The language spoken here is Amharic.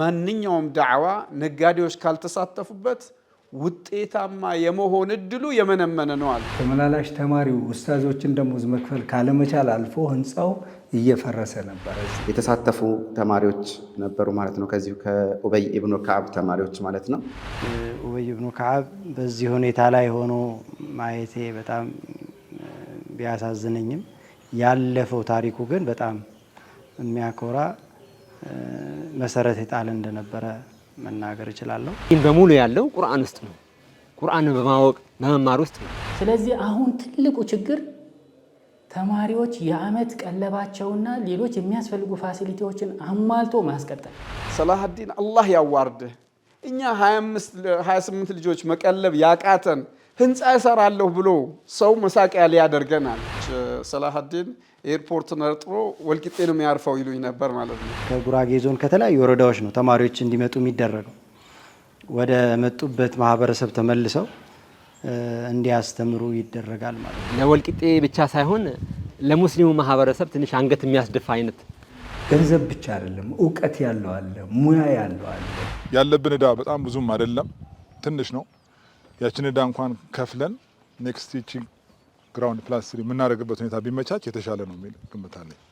ማንኛውም ዳዕዋ ነጋዴዎች ካልተሳተፉበት ውጤታማ የመሆን እድሉ የመነመነ ነው አለ። ተመላላሽ ተማሪው ኡስታዞችን ደሞዝ መክፈል ካለመቻል አልፎ ህንፃው እየፈረሰ ነበረ። የተሳተፉ ተማሪዎች ነበሩ ማለት ነው። ከዚሁ ከኡበይ እብኑ ከዓብ ተማሪዎች ማለት ነው። ኡበይ እብኑ ከዓብ በዚህ ሁኔታ ላይ ሆኖ ማየቴ በጣም ቢያሳዝነኝም ያለፈው ታሪኩ ግን በጣም የሚያኮራ መሰረት የጣለ እንደነበረ መናገር እችላለሁ። ይህን በሙሉ ያለው ቁርአን ውስጥ ነው። ቁርአንን በማወቅ በመማር ውስጥ ነው። ስለዚህ አሁን ትልቁ ችግር ተማሪዎች የአመት ቀለባቸውና ሌሎች የሚያስፈልጉ ፋሲሊቲዎችን አሟልቶ ማስቀጠል። ሰላሀዲን አላህ ያዋርድህ። እኛ 28 ልጆች መቀለብ ያቃተን ህንፃ እሰራለሁ ብሎ ሰው መሳቂያ ሊያደርገናል። ሰላሀዲን ኤርፖርት ነርጥሮ ወልቂጤ ነው የሚያርፈው ይሉኝ ነበር ማለት ነው። ከጉራጌ ዞን ከተለያዩ ወረዳዎች ነው ተማሪዎች እንዲመጡ የሚደረገው። ወደ መጡበት ማህበረሰብ ተመልሰው እንዲያስተምሩ ይደረጋል ማለት ነው። ለወልቂጤ ብቻ ሳይሆን ለሙስሊሙ ማህበረሰብ ትንሽ አንገት የሚያስደፋ አይነት ገንዘብ ብቻ አይደለም፣ እውቀት ያለው አለ፣ ሙያ ያለው አለ። ያለብን እዳ በጣም ብዙም አይደለም፣ ትንሽ ነው። ያችን ዕዳ እንኳን ከፍለን ኔክስት ቺ ግራውንድ ፕላስ ስሪ የምናደርግበት ሁኔታ ቢመቻች የተሻለ ነው የሚል ግምት